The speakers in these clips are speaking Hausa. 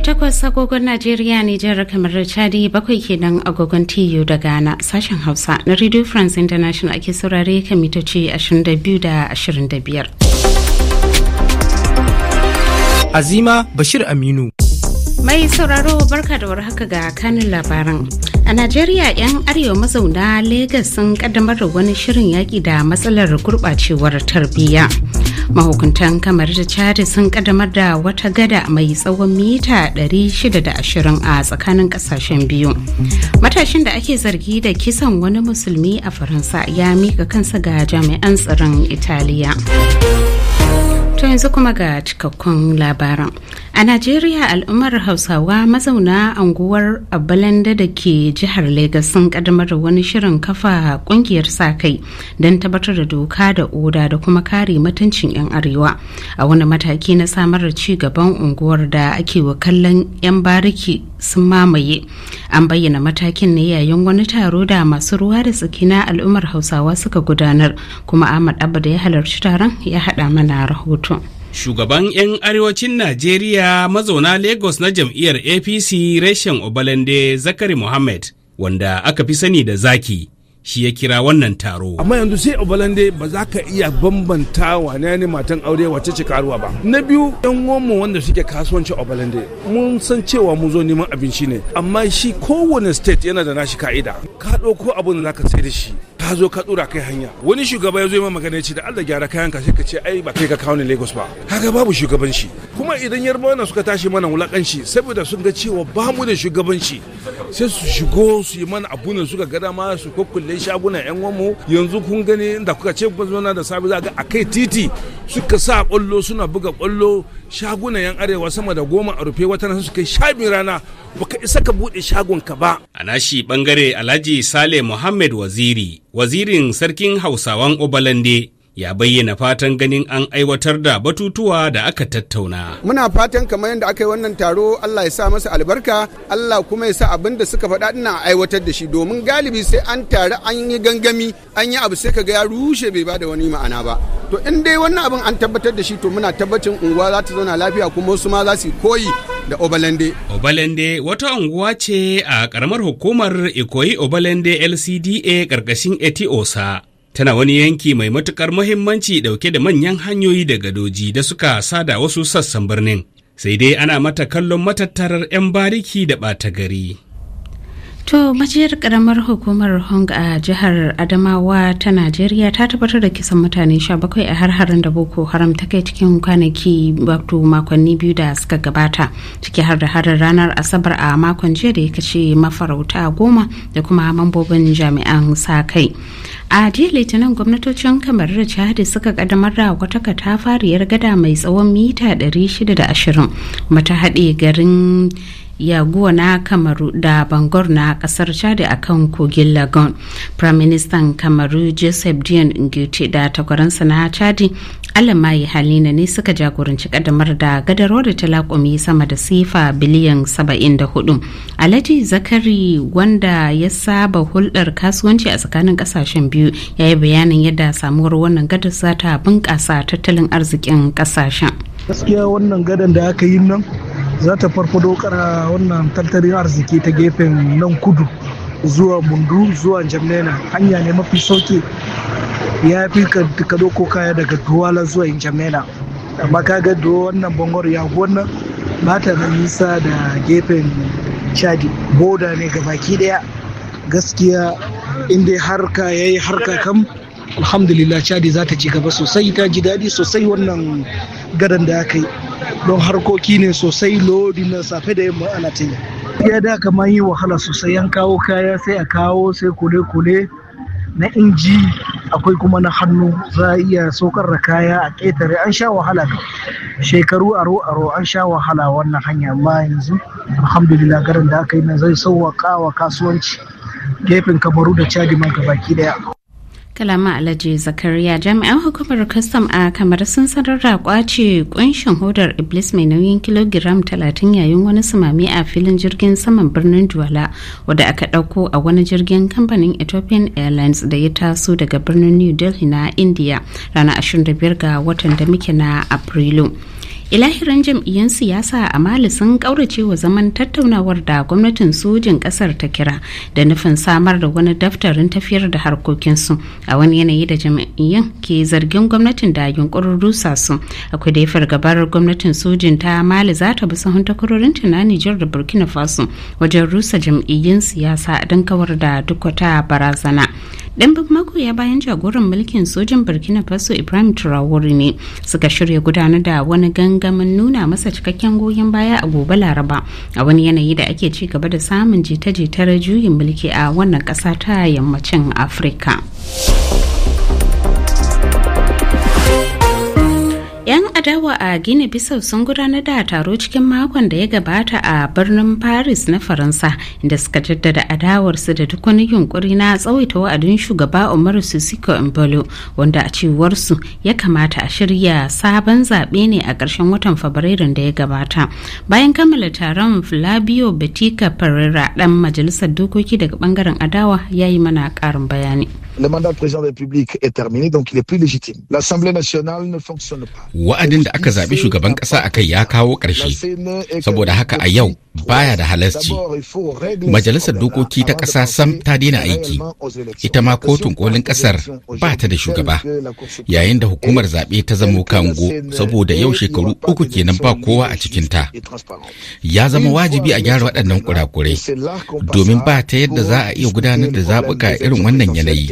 takwas agogon najeriya ne jihar kamar chadi bakwai kenan agogon tiyo da ghana sashen hausa na radio france international ake saurare kan mitoci 22 da 25 azima bashir aminu Mai sauraro barka da warhaka ga kanin labaran. A Najeriya 'yan arewa mazauna lagos sun kaddamar da wani shirin yaki da matsalar gurɓacewar tarbiyya. Mahukuntan kamar da Chad sun kaddamar da wata gada mai tsawon mita 620 a tsakanin kasashen biyu. Matashin da ake zargi da kisan wani musulmi a Faransa ya mika kansa ga jami'an tsaron Italiya. yanzu kuma ga cikakkun labaran. A Najeriya al'ummar Hausawa mazauna anguwar Abalanda da ke jihar Legas sun kaddamar da wani shirin kafa kungiyar sa kai don tabbatar da doka da oda da kuma kare mutuncin 'yan arewa. A wani mataki na samar da ci gaban unguwar da ake wa kallon 'yan bariki sun mamaye. An bayyana matakin ne yayin wani taro da masu ruwa da tsaki na al'ummar Hausawa suka gudanar kuma Ahmad Abba da ya halarci taron ya haɗa mana rahoto. shugaban 'yan arewacin najeriya mazauna lagos na jam'iyyar apc reshen obalende zakari mohammed wanda aka fi sani da zaki shi ya kira wannan taro. Amma yanzu sai obalande ba za ka iya bambanta wane ne matan aure wace ce karuwa ba. Na biyu yan mu wanda suke kasuwanci obalande mun san cewa mu zo neman abinci ne amma shi kowane state yana da nashi ka'ida. Ka ɗauko abin da za ka sai da shi ka zo ka tsura kai hanya wani shugaba ya zo ma magana ya ce da Allah gyara kayan ka sai ka ce ai ba kai ka kawo ni Lagos ba kaga babu shugabanci kuma idan yarbawa wanda suka tashi mana wulakanci saboda sun ga cewa ba mu da shugabanci sai su shigo su yi mana abu suka gada ma su kokkulle shaguna yan wamu yanzu kun gani da kuka ce na da sabi za ga akai titi suka sa kwallo suna buga kwallo shagunan yan arewa sama da goma a rufe wata nan kai yi rana baka isa ka bude shagon ka ba a nashi bangare Alhaji Sale Muhammad Waziri wazirin sarkin Hausawan Obalande ya bayyana fatan ganin an aiwatar da batutuwa da aka tattauna. Muna fatan kamar yadda aka yi wannan taro Allah ya sa masa albarka, Allah kuma ya sa abin da suka faɗa ina aiwatar da shi domin galibi sai an tare an yi gangami an yi abu sai ka ga ya rushe bai bada wani ma'ana ba. To in dai wannan abin an tabbatar da shi to muna tabbacin unguwa za ta zauna lafiya kuma wasu ma za su koyi da Obalende. Obalende wata unguwa ce a karamar hukumar Ikoyi Obalende LCDA ƙarƙashin Etiosa. tana wani yanki mai matukar muhimmanci dauke da manyan hanyoyi da gadoji da suka sada wasu sassan birnin sai dai ana mata kallon matattarar 'yan bariki da ɓata gari To majiyar karamar hukumar Hong a jihar Adamawa ta Najeriya ta tabbatar da kisan mutane 17 a harharin da Boko Haram ta kai cikin kwanaki wato makonni biyu da suka gabata ciki har da harin ranar Asabar a makon jiya da ya kashe mafarauta goma da kuma mambobin jami'an sa kai. a jiya litinin gwamnatocin kamar da suka kaddamar da wata katafariyar gada mai tsawon mita 620 mata haɗe garin yaguwa na kamaru da bangor na kasar chad akan kan kogin lagon prime minister kamaru joseph dion ngute da takwaransa na chadi mai halina ne suka jagoranci kadamar da gadarwar da talakumi sama da sifa biliyan 74 alhaji zakari wanda ya saba hulɗar kasuwanci a tsakanin kasashen biyu ya yi bayanin yadda samuwar wannan gadar za ta bunƙasa tattalin arzikin kasashen gaskiya wannan gadan da aka yi nan za ta farfado kara wannan tattalin arziki ta gefen nan kudu zuwa mundu zuwa jamnena hanya ne mafi sauki ya fi ka doko kaya daga duwala zuwa injamena amma ka ga wannan bangor ya wannan ba ta da nisa da gefen chadi boda ne ga baki daya gaskiya inda harka ya yi harka kam alhamdulillah chadi za ta ci gaba sosai ta ji daɗi sosai wannan gadon da aka yi don harkoki ne sosai lodi na safe da yamma ana ta yi ya da kamar yi wahala sosai Yan kawo kaya sai a kawo sai kule-kule na inji akwai kuma na hannu za a iya saukar da kaya a ƙetare an sha wahala shekaru aro aro an sha wahala wannan hanya amma yanzu alhamdulillah garin da aka yi na zai sauwaƙa wa kasuwanci gefen kamaru da chadi man gabaki daya kalama alhaji zakariya jami'an hukumar kastam a kamar sun sanar da kwace kunshin hodar iblis mai nauyin kilogiram 30 yayin wani sumami a filin jirgin saman birnin duwala wadda aka ɗauko a wani jirgin kamfanin ethiopian airlines da ya taso daga birnin new delhi na india ranar 25 ga watan da muke na afrilu ilahirin jam'iyyun siyasa a mali sun kaurace wa zaman tattaunawar da gwamnatin sojin kasar ta kira da nufin samar da wani daftarin tafiyar da harkokinsu a wani yanayi da jam'iyyun ke zargin gwamnatin da yunkurin rusa su akwai da fargabar gwamnatin sojin ta mali za ta bi sahun takwarorin na nijar da burkina faso wajen rusa jam'iyyun siyasa don kawar da duk wata barazana mako magoya bayan jagoran mulkin sojan burkina faso ibrahim traore ne suka shirya gudanar da wani gangamin nuna masa cikakken goyon baya a gobe laraba a wani yanayi da ake ci gaba da samun jita-jitar juyin mulki a wannan ƙasa ta yammacin afirka. 'Yan adawa a Gini Bissau sun gudanar da taro cikin makon da ya gabata a birnin Paris na Faransa inda suka jaddada adawarsu da duk wani yunkuri na tsawaita wa'adin shugaba Umaru susiko Embolo wanda a cewarsu ya kamata a shirya sabon zaɓe ne a ƙarshen watan Fabrairun da ya gabata. Bayan kammala taron Flavio Betica Pereira ɗan majalisar dokoki daga bangaren adawa ya yi mana ƙarin bayani. Le mandat président de la République est terminé, donc il est plus nationale ne fonctionne pas. wa'adin da aka zaɓi shugaban ƙasa a kai ya kawo ƙarshe saboda haka a yau baya da halarci majalisar dokoki ta ƙasa sam ta daina aiki ita ma kotun kolin ƙasar ba ta da shugaba yayin da hukumar zaɓe ta zamo kango saboda yau shekaru uku kenan ba kowa a cikinta ya zama wajibi a gyara waɗannan kurakurai domin ba ta yadda za a iya gudanar da zaɓuka irin wannan yanayi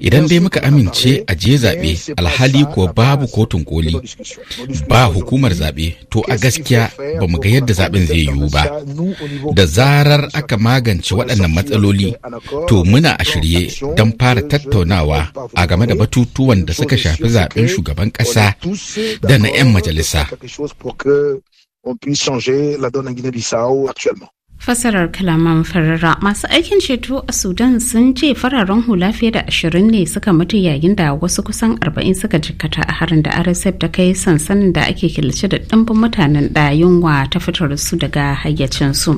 idan dai muka amince a je zaɓe alhali kuwa babu kotun koli ba hukumar zaɓe to a gaskiya ba mu ga yadda zaɓen zai yiwu ba da zarar aka magance waɗannan matsaloli to muna a shirye don fara tattaunawa a game da batutuwan da suka shafi zaɓen shugaban ƙasa da na 'yan majalisa. on puisse changer la donne fasarar kalaman farara masu aikin ceto a sudan sun ce fararen hula fiye da ashirin ne suka mutu yayin da wasu kusan arba'in suka jikkata a harin da rsf ta kai sansanin da ake killace da ɗimbin mutanen da yunwa ta fitar su daga hayyacinsu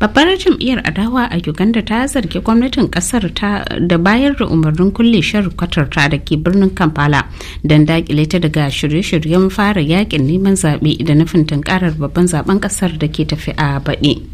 babbar jam'iyyar adawa a uganda ta zargi gwamnatin kasar ta da bayar da umarnin kulle shan kwatar ta da ke birnin kampala don dakile ta daga shirye-shiryen fara yakin neman zaɓe da nufin tunkarar babban zaben kasar da ke tafi a baɗi.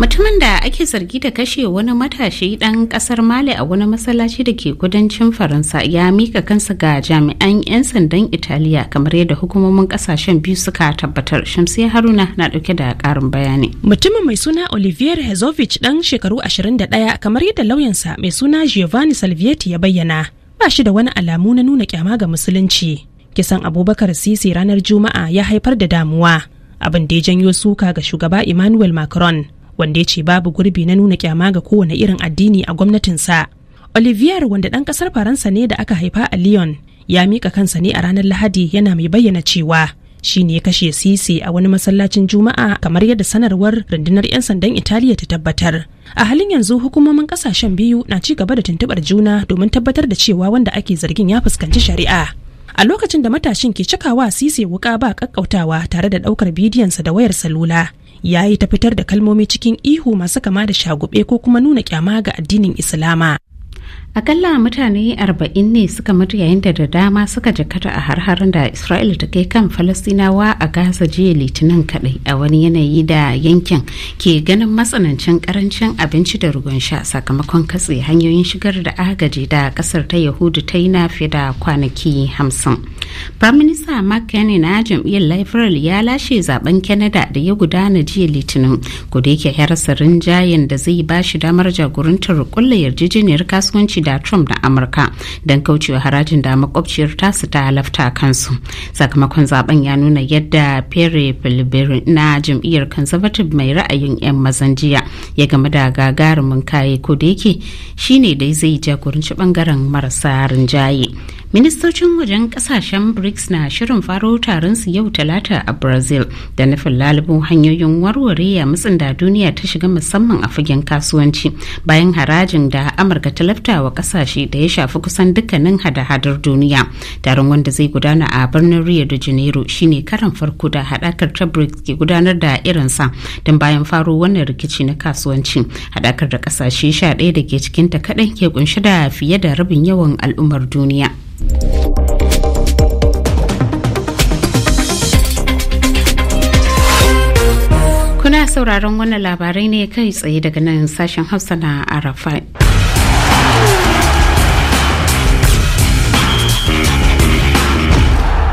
mutumin da ake zargi da kashe wani matashi dan kasar mali a wani masallaci da ke kudancin faransa ya mika kansa ga jami'an 'yan sandan italiya kamar yadda hukumomin kasashen biyu suka tabbatar shamsi haruna na dauke da karin bayani mutumin mai suna olivier hezovic dan shekaru 21 kamar yadda lauyansa mai suna giovanni salvietti ya bayyana ba shi da wani alamu na nuna kyama ga musulunci kisan abubakar sisi ranar juma'a ya haifar da damuwa abin da ya janyo suka ga shugaba emmanuel macron wanda ya ce babu gurbi na nuna kyama ga kowane irin addini a gwamnatinsa. Olivier wanda ɗan ƙasar Faransa ne da aka haifa a Lyon ya mika kansa ne a ranar Lahadi yana mai bayyana cewa shi ne kashe Sisi a wani masallacin Juma'a kamar yadda sanarwar rundunar 'yan sandan Italiya ta tabbatar. A halin yanzu hukumomin ƙasashen biyu na ci gaba da tuntuɓar juna domin tabbatar da cewa wanda ake zargin ya fuskanci shari'a. A lokacin da matashin ke cikawa Sisi wuƙa ba ƙaƙƙautawa tare da ɗaukar bidiyonsa da wayar salula ya yi ta fitar da kalmomi cikin ihu masu kama da shagube ko kuma nuna kyama ga addinin Islama akalla mutane 40 ne suka mutu yayin da da dama suka jakata a harharin da isra'ila ta kai kan falastinawa a gaza jiya litinin kadai a wani yanayi da yankin ke ganin matsanancin karancin abinci da ruwan sha sakamakon katse hanyoyin shigar da agaji da kasar ta yahudu ta yi na da kwanaki 50 firaminista mark kenny na jam'iyyar liberal ya lashe zaben canada da ya gudana jiya litinin kudai yake harsarin jayin rinjayen da zai ba shi damar jagorantar kulla yarjejeniyar kasuwanci kasuwanci da trump da amurka don kaucewa harajin da makwabciyar tasu ta halafta kansu sakamakon zaben ya nuna yadda pere filiberi na jam'iyyar conservative mai ra'ayin 'yan mazan jiya ya game da gagarumin kaye ko da yake shine dai zai jagoranci bangaren marasa rinjaye ministocin wajen kasashen brics na shirin faro taron su yau talata a brazil da nufin lalubo hanyoyin warware ya mutsin da duniya ta shiga musamman a fagen kasuwanci bayan harajin da amurka ta laftawa wa kasashe da ya shafi kusan dukkanin hada-hadar duniya taron wanda zai gudana a birnin rio de janeiro shine karan farko da hadakar ta brics ke gudanar da irinsa don bayan faro wannan rikici na kasuwanci hadakar da kasashe sha ɗaya da ke cikin ta kadan ke kunshi da fiye da rabin yawan al'ummar duniya. Kuna sauraron wannan labarai ne kai tsaye daga nan sashen Hausa na arafa.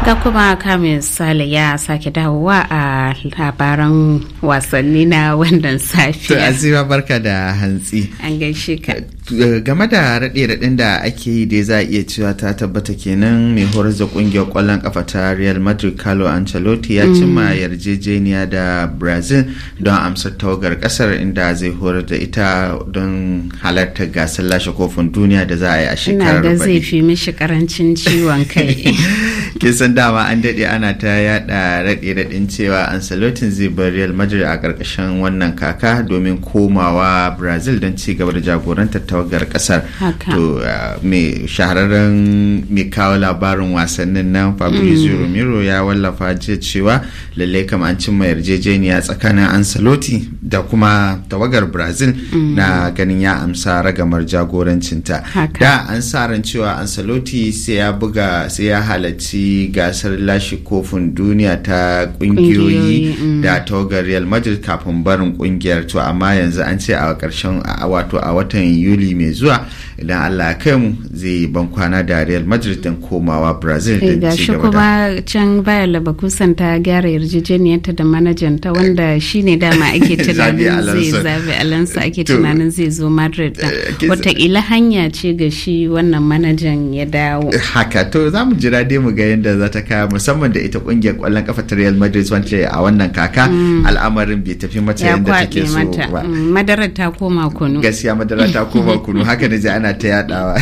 Ga kuma kamin sale ya sake dawowa a labaran wasanni na wannan safiya. To Azima barka da hantsi. An gaishe ka. game da raɗe-raɗen da ake yi dai za a iya cewa ta tabbata kenan mai horar da ƙungiyar ƙwallon ƙafa ta real madrid carlo ancelotti ya mm. cimma yarjejeniya da brazil don amsar tawagar ƙasar inda zai horar da ita don halartar gasar lashe kofin duniya da za a yi a shekarar da zai fi mishi karancin ciwon kai. ke san dama an daɗe ana ta yaɗa raɗe raɗen cewa ancelotti zai bar real madrid a ƙarƙashin wannan kaka domin komawa brazil don ci gaba da jagorantar tawagar kasar to uh, mai shahararren mai kawo labarin wasannin nan fabrizio mm. romero ya wallafa jiya cewa lallai kamancin an cimma yarjejeniya tsakanin ancelotti da kuma tawagar brazil mm. na ganin ya amsa ragamar jagorancinta da an sa ran cewa ansaloti sai ya buga sai ya halarci gasar lashe kofin duniya ta kungiyoyi mm. da tawagar real madrid kafin barin kungiyar to amma yanzu an ce a karshen wato a watan yuli mai zuwa idan allah ya kai mu zai ban kwana da real madrid din komawa brazil eh, din ga shi kuma can bayan labakusan ta gyara yarjejeniyarta da manajanta wanda shine dama ake tunanin zai zabi alonso ake tunanin zai zo madrid eh, din watakila hanya ce ga shi wannan manajan ya dawo eh, haka to za mu jira dai mu ga yadda za ta kaya musamman da ita kungiyar kwallon kafa ta real madrid wance a wannan kaka mm. al'amarin bai tafi mata yadda take so ba mm, madarar ta koma kunu gaskiya madarar ta koma kunu haka ne ana ta yadawa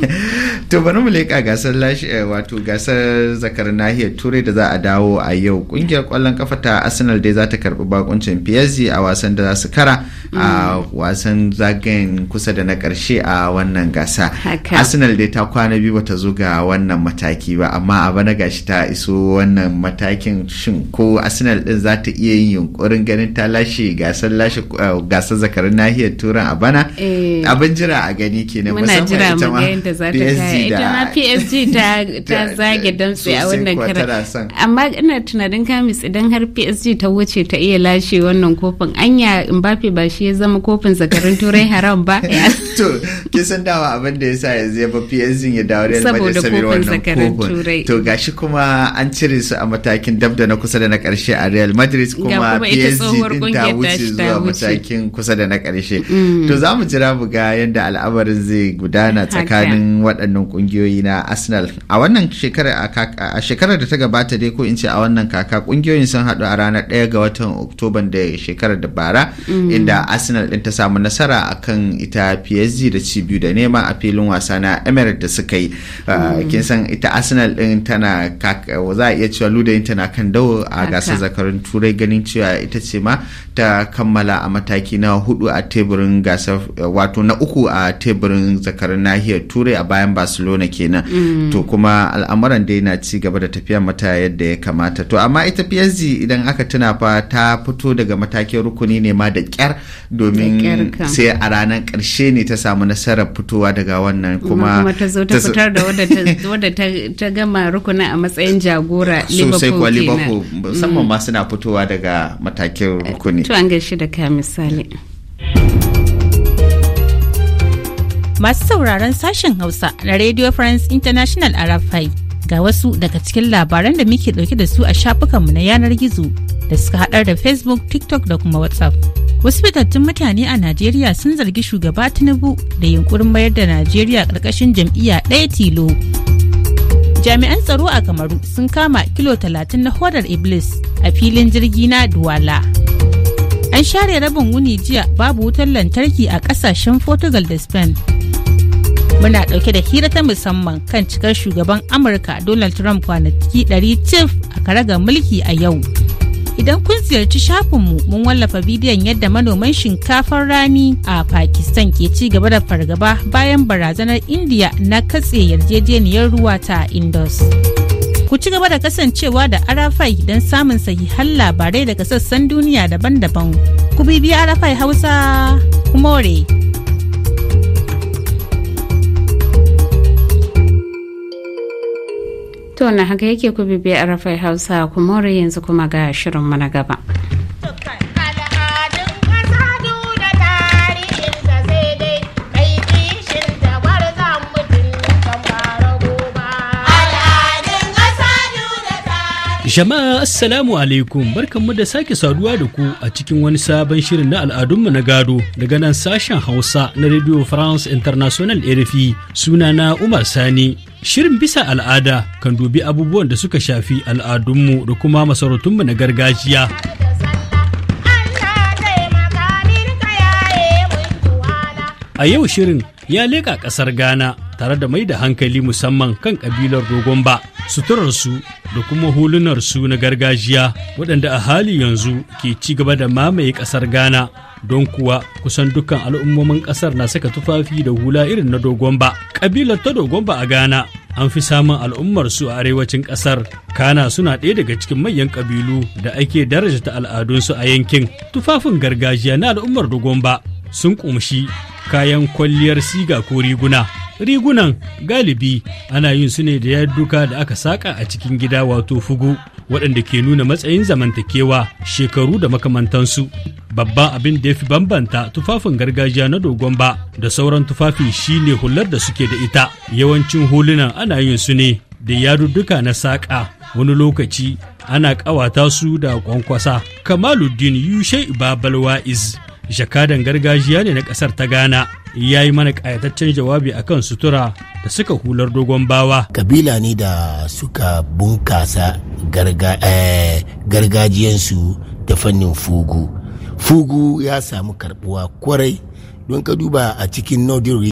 to bari mu leka gasar eh, wato gasar zakar nahiyar turai da za a dawo a yau kungiyar kwallon kafa ta arsenal dai za ta karbi bakuncin psg a wasan da za su kara a wasan zagayen kusa da na karshe a wannan gasa arsenal dai ta kwana biyu bata zo ga wannan mataki ba amma a bana gashi ta iso wannan matakin shin ko arsenal din za ta iya yin yunkurin ganin ta lashe gasar lashe eh, gasar zakarin nahiyar turai a bana eh. abin jira a gani kenan muna jira mu ga yadda kaya ita ma PSG ta zage damtse a wannan karan amma ina tunanin kamis idan har PSG ta wuce ta iya lashe wannan kofin anya Mbappe ba shi ya zama kofin zakarin turai haram ba to san dawa abin da yasa yanzu ya ba PSG ya dawo da saboda kofin zakarin turai to gashi kuma an cire su a matakin dab da na kusa da na karshe a Real Madrid kuma PSG din ta wuce zuwa matakin kusa da na karshe mm. to za mu jira mu ga yadda al'amarin zai gudana tsakanin waɗannan ƙungiyoyi na arsenal a wannan shekarar da ta gabata dai ko in ce a wannan kaka ƙungiyoyin sun haɗu a ranar ɗaya ga watan oktoban da shekarar da bara mm-hmm. inda arsenal ɗin ta samu nasara akan ita psg da ci biyu da nema a filin wasa na emirates da suka yi uh, mm-hmm. kin san ita arsenal ɗin tana za a iya cewa ludayin tana kan dawo a gasar zakarun turai ganin cewa ita ce ma ta kammala a mataki na hudu a teburin gasar wato na uku a teburin teburin zakarar nahiyar turai a bayan barcelona kenan mm. to kuma al'amuran dai na ci gaba da tafiya mata yadda ya kamata to amma ita psg idan aka tuna fa ta fito daga matakin rukuni ne ma da kyar domin sai a ranar karshe ne ta samu nasarar fitowa daga wannan kuma ta zo ta fitar da wadda ta gama rukuni a matsayin jagora sosai kuwa liverpool musamman ma mm. suna fitowa daga matakin rukuni to an gaishe da ka misali masu sauraron sashen Hausa na Radio France International Arafai. Ga wasu daga cikin labaran da muke dauke da su a shafukanmu na yanar gizo da suka hadar da Facebook, TikTok da kuma WhatsApp. Wasu fitattun mutane a Najeriya sun zargi shugaba Tinubu da yunkurin mayar da Najeriya karkashin jam'iyya ɗaya tilo. Jami'an tsaro a Kamaru sun kama kilo talatin na hodar Iblis a filin jirgi na Duwala. An share rabin wuni jiya babu wutar lantarki a ƙasashen Portugal da Spain. muna ɗauke da hira ta musamman kan cikar shugaban amurka donald trump kwanaki 100 a karagar mulki a yau idan kun ziyarci shafinmu mun wallafa bidiyon yadda manoman shinkafar rani a pakistan ke ci gaba da fargaba bayan barazanar india na katse yarjejeniyar ruwa ta indus ku ci gaba da kasancewa da arafai don samun sahihan labarai daga sassan duniya daban-daban ku bibiya arafai hausa kumore. more to na haka yake ku bibiya arafai hausa kuma yanzu kuma ga shirin mana gaba. Jama'a Assalamu alaikum barkanmu da sake saduwa da ku a cikin wani sabon shirin na al'adunmu na gado daga nan sashen Hausa na Radio France International RFI na Umar Sani. Shirin bisa al'ada kan dubi abubuwan da suka shafi al'adunmu da kuma masarautunmu na gargajiya. A yau shirin ya leƙa ƙasar Ghana tare da mai da hankali musamman kan ƙabilar dogon ba suturarsu da kuma hulunarsu na gargajiya waɗanda a hali yanzu ke ci gaba da mamaye ƙasar Ghana. don kuwa kusan dukkan al'ummomin ƙasar na saka tufafi da hula irin na dogon ba. Ƙabilar ta dogon ba a Ghana an fi samun al'ummar su a arewacin ƙasar. Kana suna ɗaya daga cikin manyan ƙabilu da ake daraja darajata al'adunsu a yankin. Tufafin gargajiya na al'ummar dogon ba sun ƙumshi kayan kwalliyar siga ko riguna. rigunan galibi ana yin su ne da yadduka da aka saka a cikin gida wato fugu waɗanda ke nuna matsayin zamantakewa shekaru da makamantansu babban abin da ya fi bambanta tufafin gargajiya na dogon ba da sauran tufafi shine hular da suke da ita yawancin hulunan ana yin su ne da yadudduka na saƙa wani lokaci ana ƙawata su da kwankwasa kamaluddin yushe ibabalwa'iz jakadan gargajiya ne na ƙasar ta ghana ya yi mana ƙayataccen jawabi a kan sutura da suka hular dogon bawa. Kabila ne da suka bunkasa eh, gargajiyansu da fannin fugu. Fugu ya samu karbuwa kwarai don ka duba a cikin Nordic